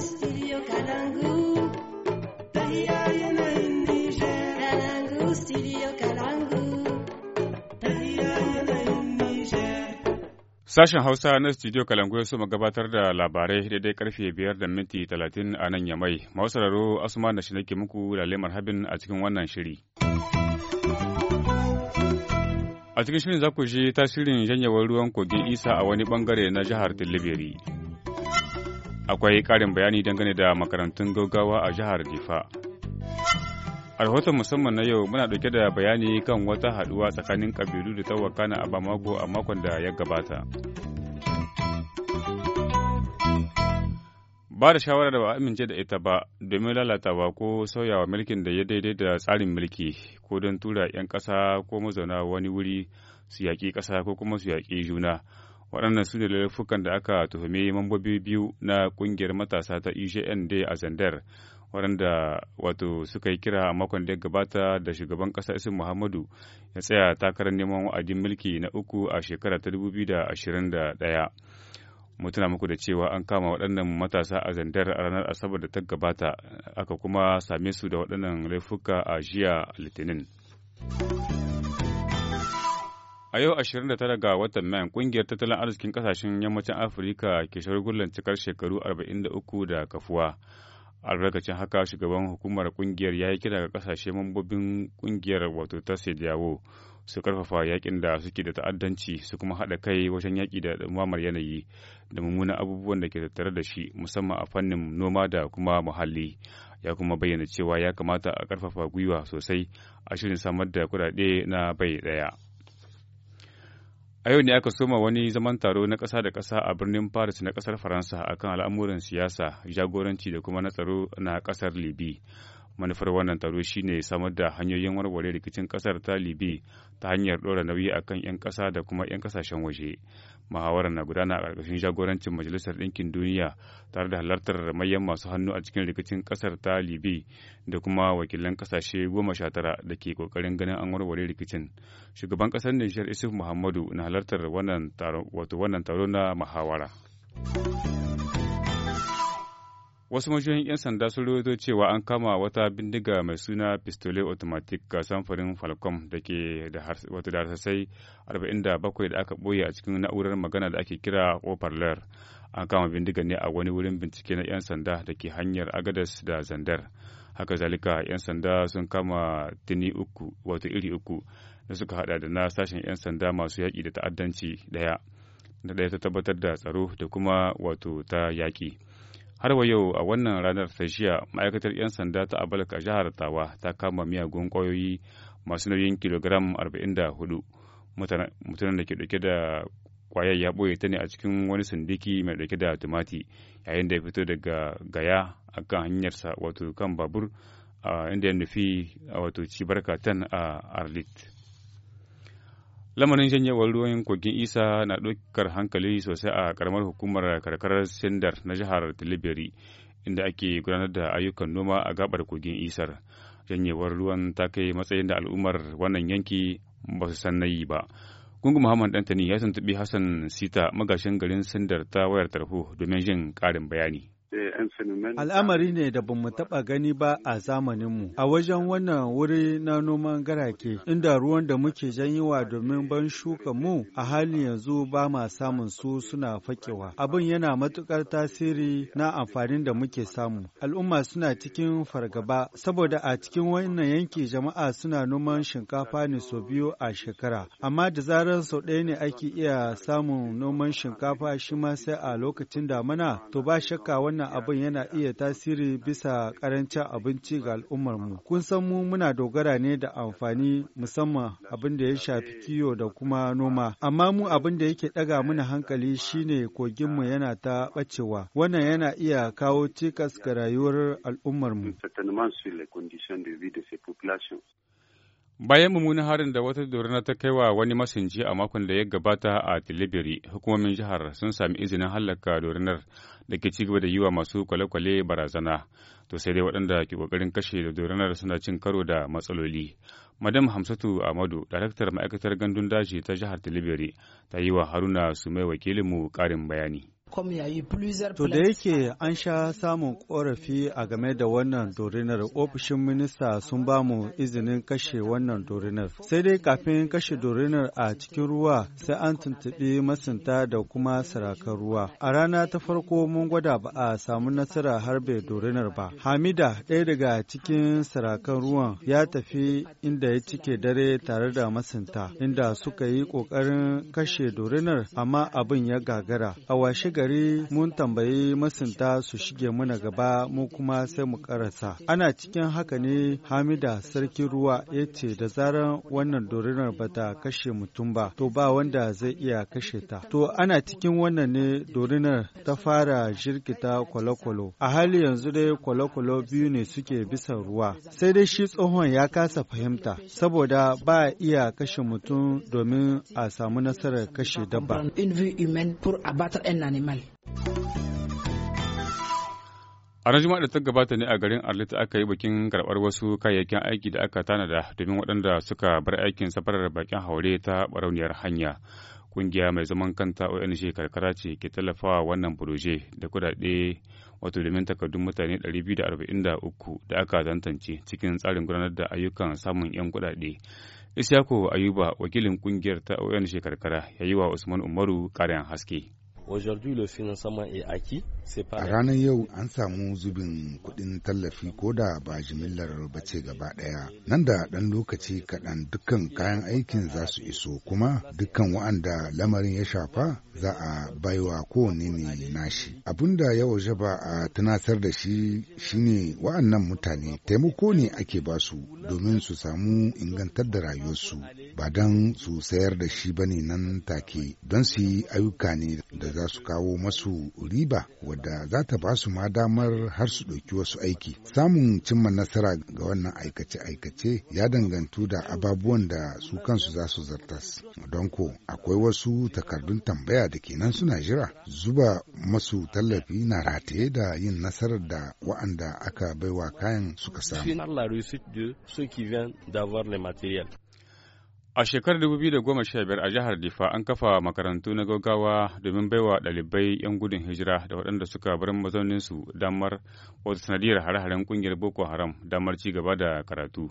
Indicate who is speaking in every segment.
Speaker 1: E e
Speaker 2: Sashen Hausa na Studio Kalangu ya suma gabatar da labarai daidai karfe biyar da minti talatin a nan yamai. Mausararo Asuma da shi nake muku lemar habin a cikin wannan shiri. A cikin shirin za ku ji tasirin janyewar ruwan kogin Isa a wani bangare na jihar Tilibiri. akwai ƙarin bayani dangane da makarantun gaggawa a jihar difa a rahoton musamman na yau muna ɗauke da bayani kan wata haɗuwa tsakanin ƙabilu da wakana a bamako a makon da ya gabata ba da shawarar da ba amince da ita ba domin lalatawa ko sauyawa mulkin da ya daidai da tsarin mulki ko don tura 'yan ƙasa ko mazauna wani wuri su yaƙi ƙasa ko kuma su yaƙi juna waɗannan su ne laifukan da aka tuhumi mambobi biyu na ƙungiyar matasa ta e da a zandar waɗanda wato suka yi kira a makon da ya gabata da shugaban ƙasa isin muhammadu ya tsaya takarar neman wa'adin mulki na uku a shekara ta 2021 mu tuna muku da cewa an kama waɗannan matasa a zandar a ranar asabar da ta gabata aka kuma same su da waɗannan laifuka a jiya litinin. A yau 29 ga watan Mayan kungiyar tattalin arzikin kasashen yammacin Afirka ke shagulgulan cikar shekaru 43 da kafuwa. Albarkacin haka shugaban hukumar kungiyar ya yi kira ga kasashe mambobin kungiyar wato ta Sediyawo su karfafa yakin da suke da ta'addanci su kuma haɗa kai wajen yaƙi da dumamar yanayi da mummunan abubuwan da ke tattare da shi musamman a fannin noma da kuma muhalli. Ya kuma bayyana cewa ya kamata a karfafa gwiwa sosai a shirin samar da kuɗaɗe na bai ɗaya. A yau ne aka soma wani zaman taro na ƙasa da ƙasa a birnin Paris na ƙasar Faransa akan al'amuran siyasa, jagoranci da kuma na tsaro na ƙasar Libi. manufar wannan taro shine samar da hanyoyin warware rikicin kasar ta libi ta hanyar ɗora nauyi a kan 'yan ƙasa da kuma 'yan ƙasashen waje muhawarar na gudana a karkashin jagorancin majalisar ɗinkin duniya tare da halartar mayan masu hannu a cikin rikicin kasar ta libi da kuma wakilan kasashe goma sha tara da ke kokarin ganin an warware rikicin shugaban ƙasar nijar isuf muhammadu na halartar wannan taro na muhawara. Wasu majiyoyin 'yan sanda sun rawaito cewa an kama wata bindiga mai suna pistole automatic ga samfurin Falcom da ke da da harsasai 47 da aka boye a cikin na'urar magana da ake kira Oparler. An kama bindiga ne a wani wurin bincike na 'yan sanda da ke hanyar Agadas da Zandar. Haka zalika 'yan sanda sun kama tini uku wato iri uku da suka hada da na sashen 'yan sanda masu yaƙi da ta'addanci daya Da ɗaya ta tabbatar da tsaro da kuma wato ta yaƙi. har wa yau a wannan ranar ta jiya ma'aikatar 'yan sanda ta abalka jihar tawa ta kama miyagun ƙwayoyi masu nauyin kilogram 44 mutanen da ke dauke da kwayar ya ɓoye ta ne a cikin wani sandiki mai dauke da tumati yayin da ya fito daga gaya a kan hanyarsa wato kan babur a inda ya nufi wato cibar barkatan a arlit lamarin janyewar ruwan kogin isa na ɗaukar hankali sosai a karamar hukumar karkarar sindar na jihar tilibiri inda ake gudanar da ayyukan noma a gabar kogin isar janyewar ruwan ta kai matsayin da al'ummar wannan yanki ba su san nayi ba gungun muhammad dantani ya tuntuɓi hassan sita magashin garin sindar ta wayar tarho domin jin ƙarin bayani
Speaker 1: Al'amari ne da bamu taɓa gani ba a zamanin mu. A wajen wannan wuri na noman garake, inda ruwan da muke janyewa domin ban shuka mu a halin yanzu ba ma samun su suna fakewa. Abin yana matukar tasiri na amfanin da muke samu. Al'umma suna cikin fargaba saboda a cikin wannan yanki jama'a suna noman shinkafa ne sau biyu a shekara. Amma da zarar sau ɗaya ne ake iya samun noman shinkafa shi ma sai a lokacin damana to ba shakka wannan abu abin yana iya tasiri bisa karancin abinci ga al'ummarmu. Kun san mu muna dogara ne da amfani musamman abin da ya shafi kiyo da kuma noma. Amma mu abin da yake ɗaga mana hankali shine koginmu yana ta ɓacewa. Wannan yana iya kawo cikas ga rayuwar al'ummar al'ummarmu.
Speaker 2: Bayan mummunan harin da wata dorina ta kai wa wani masinci a makon da ya gabata a Tilibiri, hukumomin jihar sun sami izinin hallaka dorinar da ke ci gaba da yi wa masu kwale-kwale barazana to sai dai waɗanda ke ƙoƙarin kashe da doranar suna cin karo da matsaloli madam hamsatu amadu daraktar ma'aikatar gandun daji ta jihar tilibiri ta yi wa haruna su mai wakilinmu ƙarin bayani
Speaker 1: To da yake an sha samun korafi a game da wannan dorinar ofishin minista sun ba mu izinin kashe wannan dorinar. Sai dai kafin kashe dorinar a cikin ruwa sai an tuntuɓi masinta da kuma sarakan ruwa. A rana ta farko mun gwada ba a samu nasara harbe dorinar ba. Hamida ɗaya daga cikin sarakan ruwan ya tafi inda ya cike dare tare da masunta inda suka yi ƙoƙarin kashe dorinar amma abin ya gagara. A washe gari mun tambayi masunta su shige mana gaba mu kuma sai mu karasa. Ana cikin haka ne Hamida sarkin ruwa ya ce da zarar wannan dorinar ba ta kashe mutum ba, to ba wanda zai iya kashe ta. To ana cikin wannan ne dorinar ta fara jirkita kwalokwalo. A hali yanzu dai kwalokwalo biyu ne suke bisa ruwa. Sai dai shi tsohon ya kasa fahimta, saboda ba iya kashe mutum
Speaker 2: domin a
Speaker 1: samu nasarar kashe dabba.
Speaker 3: Jamal.
Speaker 2: A ran da ta gabata ne a garin Arlita aka yi bikin karɓar wasu kayayyakin aiki da aka tanada domin waɗanda suka bar aikin safarar bakin haure ta barauniyar hanya. ƙungiya mai zaman kanta ONG karkara ce ke tallafawa wannan furoje da kudade wato domin takardun mutane 243 da aka tantance cikin tsarin gudanar da ayyukan samun 'yan kudade. Isyako Ayuba wakilin kungiyar ta ONG karkara ya yi wa Usman Umaru ƙarin haske.
Speaker 4: A ranar yau an samu zubin kuɗin tallafi ko da ba jimillar ba ce gaba ɗaya. Nan da ɗan lokaci kaɗan dukkan kayan aikin za su iso kuma dukkan wa'anda lamarin ya shafa za a baiwa kowane ne nashi. Abin da ya waje ba a tunasar da shi shine wa'annan mutane taimako ne ake ba su domin su samu ingantar da rayuwarsu ba don su sayar da shi bane nan take don su yi ayyuka ne da za su kawo masu riba wadda za ta ba su ma damar har su ɗauki wasu aiki. Samun cimma nasara ga wannan aikace-aikace ya dangantu da ababuwan da su kansu za su zartas. Don ko akwai wasu takardun tambaya da kenan suna jira zuba masu tallafi na rataye da yin nasarar da wa'anda aka baiwa kayan suka samu.
Speaker 2: A shekarar 2015 a jihar Difa an kafa makarantu na gaggawa domin baiwa ɗalibai 'yan gudun hijira da waɗanda suka bar mazauninsu damar wata sanadiyar hare-haren ƙungiyar Boko Haram damar ci gaba da karatu.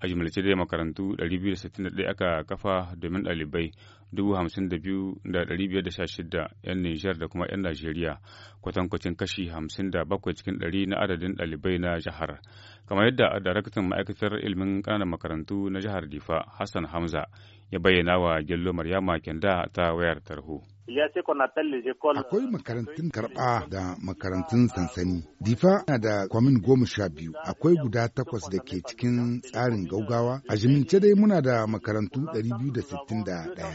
Speaker 2: A jimlace dai makarantu 261 aka kafa domin ɗalibai 52,516 'yan Nijar da kuma 'yan Najeriya kwatankwacin kashi 57 cikin 100 na adadin ɗalibai na jihar. kamar yadda daraktan ma'aikatar ilimin ƙananan makarantu na jihar difa hassan hamza ya bayyana wa Gello Maryama Kenda ta wayar tarho.
Speaker 4: Akwai makarantun karɓa da makarantun sansani. Difa na da kwamin goma sha biyu, akwai guda takwas da ke cikin tsarin gaugawa. A jimince dai muna da makarantu 261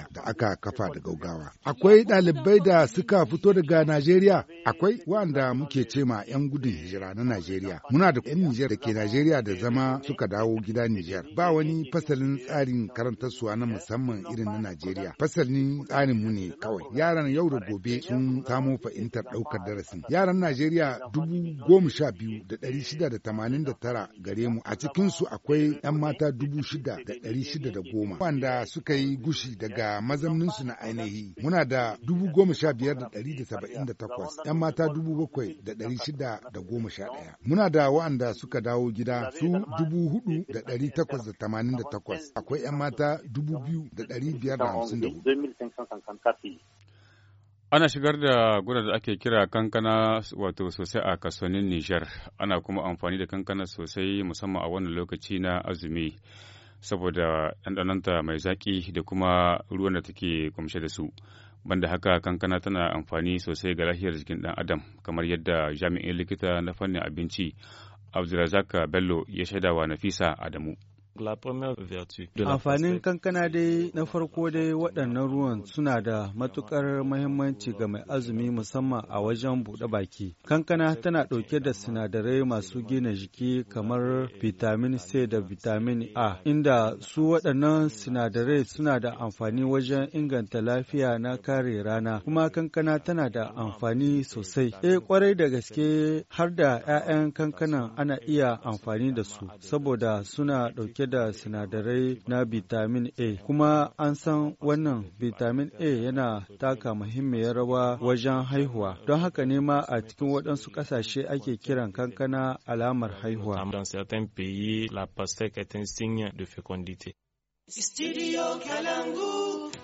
Speaker 4: da aka kafa da gaugawa. Akwai ɗalibai da suka fito daga Najeriya, akwai wanda muke ce ma 'yan gudun hijira na Najeriya. Muna da 'yan Nijar da ke Najeriya da zama suka dawo gida Nijar. Ba wani fasalin tsarin karantarsuwa na musamman irin na Najeriya. Fasalin mu ne kawai. Yaran yau da gobe sun samo fahimtar ɗaukar darasin. Yaran Najeriya dubu goma sha biyu da ɗari shida da tamanin da tara gare mu a cikinsu akwai 'yan mata dubu shida da ɗari shida da goma wanda suka yi gushi daga mazauninsu na ainihi muna da dubu goma sha biyar da ɗari da saba'in da takwas 'yan mata dubu bakwai da ɗari shida da goma sha ɗaya muna da wa'anda suka dawo gida su dubu hudu da ɗari takwas da tamanin da takwas akwai 'yan mata dubu biyu 2,554.
Speaker 2: Ana shigar da gura da ake kira kankana wato sosai a kasonin Nijar, ana kuma amfani da kankana sosai musamman a wannan lokaci na azumi saboda ɗanɗanonta mai zaƙi da kuma ruwan da take kumshe da su. Banda haka kankana tana amfani sosai ga lafiyar jikin ɗan adam kamar yadda jami'in likita na fannin abinci Abdulrazak Bello ya shaidawa Nafisa Adamu. Amfanin
Speaker 1: kankana dai na farko dai waɗannan ruwan suna da matuƙar mahimmanci ga mai azumi musamman a wajen buɗe baki. Kankana tana ɗauke da sinadarai masu gina jiki kamar vitamin C da vitamin A, inda su waɗannan sinadarai suna da amfani wajen inganta lafiya na kare rana, kuma kankana tana da amfani sosai. E eh, kwarai da gaske har da 'ya'yan kankanan ana iya amfani da su, saboda suna ɗauke ɗauke da sinadarai na vitamin A kuma an san wannan bitamin A yana taka muhimmiyar rawa wajen haihuwa don haka ne ma a cikin waɗansu ƙasashe ake kiran kankana alamar haihuwa. Studio Kalangu.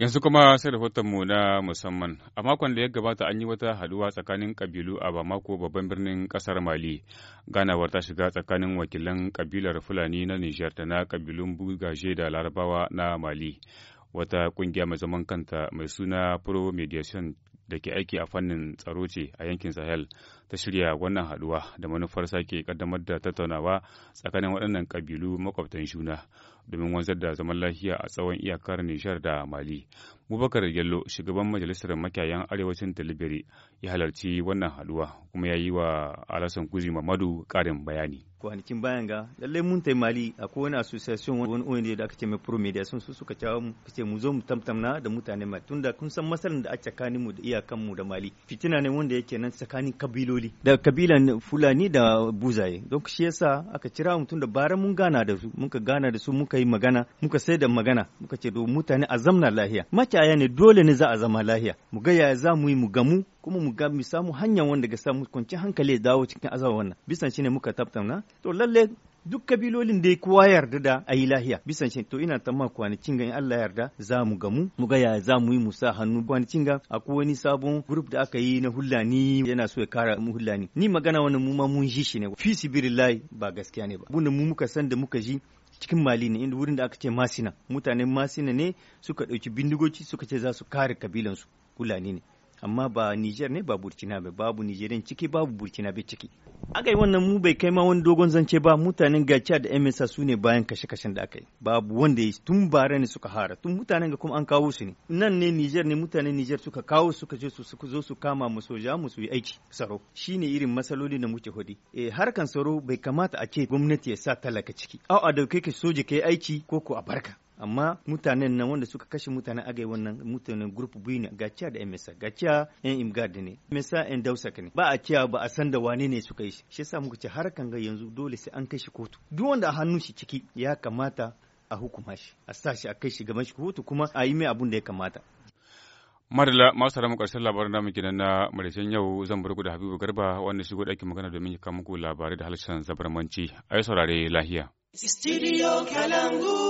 Speaker 2: Yanzu kuma sai rahotonmu na musamman. A makon da ya gabata an yi wata haduwa tsakanin kabilu a Bamako babban birnin kasar Mali. Ganawar ta shiga tsakanin wakilan kabilar Fulani na Nijar da na kabilun Bugaje da Larabawa na Mali. Wata kungiya mai zaman kanta mai suna Pro Mediation da ke aiki a fannin tsaro ce a yankin Sahel. ta shirya wannan haduwa da manufar sake kaddamar da tattaunawa tsakanin waɗannan ƙabilu makwabtan juna domin wanzar da zaman lafiya a tsawon iyakar Nijar da Mali. Mubakar Yallo, shugaban majalisar makiyayan arewacin Talibiri, ya halarci wannan haduwa kuma ya yi wa Alasan Kuzi Mamadu ƙarin bayani.
Speaker 3: kwanakin bayan ga lallai mun tai mali akwai wani association wani oyin da aka ce mai pro sun su suka cawo mu kace mu zo mu tamtamna da mutane mai tunda kun san masalan da a tsakanin mu da iyakan mu da mali fitina ne wanda yake nan tsakanin kabilo kabiloli da kabilan fulani da buzaye don shi yasa aka kira mutum da bara mun gana da su muka gana da su muka yi magana muka sai da magana muka ce do mutane a zamna lahiya makiyaya ne dole ne za a zama lahiya mu ga yaya za mu yi mu gamu kuma mu ga mu samu hanyar wanda ga samu kwanci hankali ya dawo cikin azabar wannan bisan shine muka tattauna to lalle duk kabilolin ya kowa yarda da a yi lahiya bisan shi to ina ma kwanakin ga in Allah yarda za mu gamu mu ga ya za mu yi mu sa hannu kwanakin ga akwai wani sabon group da aka yi na hullani yana so ya kara mu hullani ni magana wannan mu ma mun ji shi ne fi sibirillahi ba gaskiya ne ba Buna mu muka san da muka ji cikin mali ne inda wurin da aka ce masina mutanen masina ne suka ɗauki bindigoci suka ce za su kare kabilansu hulani ne amma ba Niger ne ba Burkina ba babu Nigerian ciki babu Burkina ba ciki aka yi wannan mu bai kai ma wani dogon zance ba mutanen gaciya da MSA su ne bayan kashe-kashen da aka yi babu wanda ya tun bara ne suka hara tun mutanen ga kuma an kawo su ne nan ne Niger ne mutanen Niger suka kawo suka je su zo su kama mu soja mu su yi aiki tsaro shine irin masaloli da muke hudi eh harkan tsaro bai kamata a ce gwamnati ya sa talaka ciki au a dauke ki soja kai aiki ko ko a barka amma mutanen nan wanda suka kashe mutanen agai wannan mutanen group biyu ne gaciya da MSA gaciya yan imgard ne MSA yan dausak ne ba a cewa ba a san da wane ne suka yi shi shi yasa muka ce harkan ga yanzu dole sai an kai shi kotu duk wanda a hannun shi ciki ya kamata a hukuma shi a sa shi a kai shi gaban shi kotu kuma a yi mai abun da ya kamata
Speaker 2: madala masu tare karshen labarin namu kenan na marishin yau zan bar da habibu garba wanda shigo ɗakin magana domin ya kawo labarai da halshen zabarmanci a yi saurare lahiya studio kalangu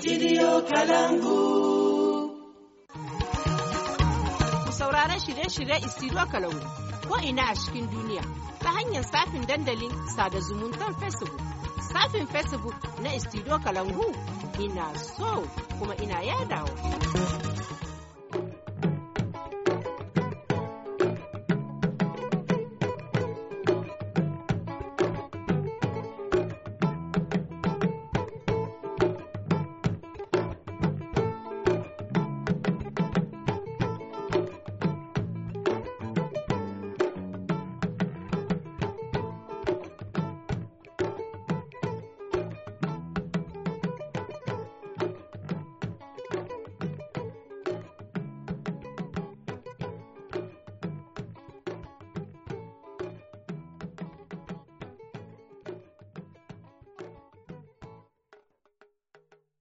Speaker 3: Kalangu. Ku sauraron shirye-shirye Studio Kalangu ko ina a cikin duniya ta hanyar safin dandalin sada zumuntar Facebook. Safin Facebook na Studio Kalangu ina so kuma ina yadawa.